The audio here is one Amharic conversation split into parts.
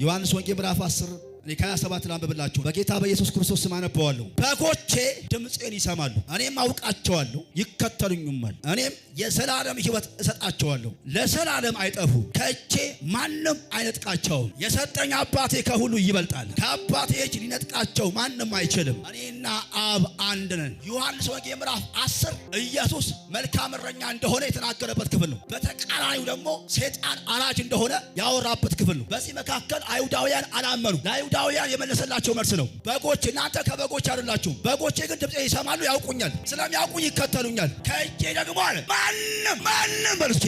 ዮሐንስ ወንጌል ምዕራፍ 10 እኔ ከሀያ ሰባት ላንብብላችሁ በጌታ በኢየሱስ ክርስቶስ ስም አነበዋለሁ። በጎቼ ድምፄን ይሰማሉ፣ እኔም አውቃቸዋለሁ፣ ይከተሉኝማል። እኔም የዘላለም ሕይወት እሰጣቸዋለሁ፣ ለዘላለም አይጠፉ፣ ከእጄ ማንም አይነጥቃቸውም። የሰጠኝ አባቴ ከሁሉ ይበልጣል፣ ከአባቴ እጅ ሊነጥቃቸው ማንም አይችልም። እኔና አብ አንድ ነን። ዮሐንስ ወንጌል ምዕራፍ አስር ኢየሱስ መልካም እረኛ እንደሆነ የተናገረበት ክፍል ነው። በተቃራኒው ደግሞ ሰይጣን አራጅ እንደሆነ ያወራበት ክፍል ነው። በዚህ መካከል አይሁዳውያን አላመኑ አይሁዳውያን የመለሰላቸው መልስ ነው። በጎች እናንተ ከበጎች አይደላችሁም። በጎቼ ግን ድምፄ ይሰማሉ፣ ያውቁኛል፣ ስለሚያውቁኝ ይከተሉኛል። ከእጄ ደግሞ አለ ማንም ማንም በልስኪ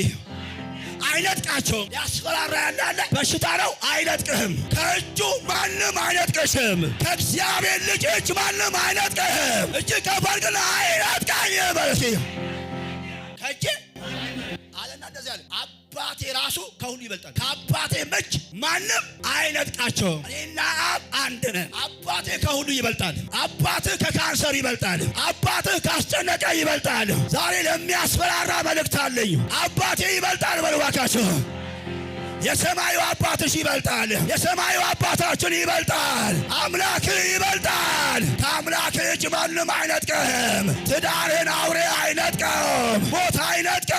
አይነጥቃቸውም። ያስፈራራ ያለ በሽታ ነው፣ አይነጥቅህም። ከእጁ ማንም አይነጥቅሽም። ከእግዚአብሔር ልጅ እጅ ማንም አይነጥቅህም። እጅ ከባድ ግን አይነጥቃኝ በልስኪ አባቴ ራሱ ከሁሉ ይበልጣል። ከአባቴ እጅ ማንም አይነጥቃቸውም። እኔና አብ አንድ ነን። አባቴ ከሁሉ ይበልጣል። አባትህ ከካንሰር ይበልጣል። አባትህ ካስጨነቀ ይበልጣል። ዛሬ ለሚያስፈራራ መልእክት አለኝ። አባቴ ይበልጣል በልባካቸው የሰማዩ አባትሽ ይበልጣል። የሰማዩ አባታችን ይበልጣል። አምላክህ ይበልጣል። ከአምላክህ እጅ ማንም አይነጥቀም። ትዳርህን አውሬ አይነጥቀም። ሞት አይነጥቀ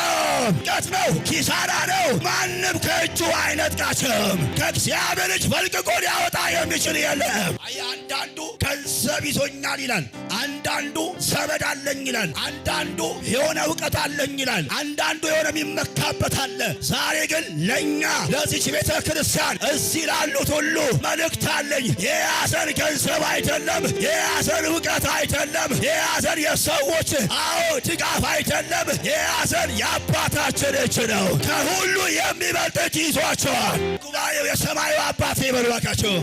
ውድቀት ነው፣ ኪሳራ ነው። ማንም ከእጁ አይነጥቃችም። ከእግዚአብሔር እጅ ፈልቅቆ ሊያወጣ የሚችል የለም። አንዳንዱ ገንዘብ ይዞኛል ይላል። አንዳንዱ ዘመድ አለኝ ይላል። አንዳንዱ የሆነ እውቀት አለኝ ይላል። አንዳንዱ የሆነ የሚመካበት አለ። ዛሬ ግን ለእኛ ለዚች ቤተ ክርስቲያን እዚህ ላሉት ሁሉ መልእክት አለኝ። የያዘን ገንዘብ አይደለም፣ የያዘን እውቀት አይደለም፣ የያዘን የሰዎች አዎ ድጋፍ አይደለም፣ የያዘን የአባት ጌታችን እጅ ነው። ከሁሉ የሚበልጥ እጅ ይዟቸዋል። ጉባኤው የሰማዩ አባት ይበሏካቸው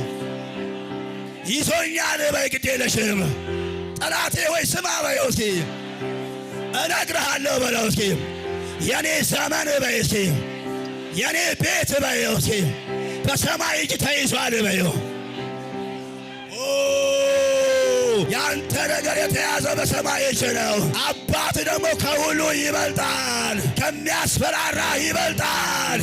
ይዞኛል በይ ግድ ጠላቴ ሆይ ስማ በየው እስኪ እነግርሃለሁ በለው እስኪ የኔ ዘመን በይ እስኪ የኔ ቤት በየው እስኪ በሰማይ እጅ ተይዟል በየው ያንተ ነገር የተያዘ በሰማይ እጅ ነው። አባት ይበልጣል፣ ከሚያስፈራራ ይበልጣል።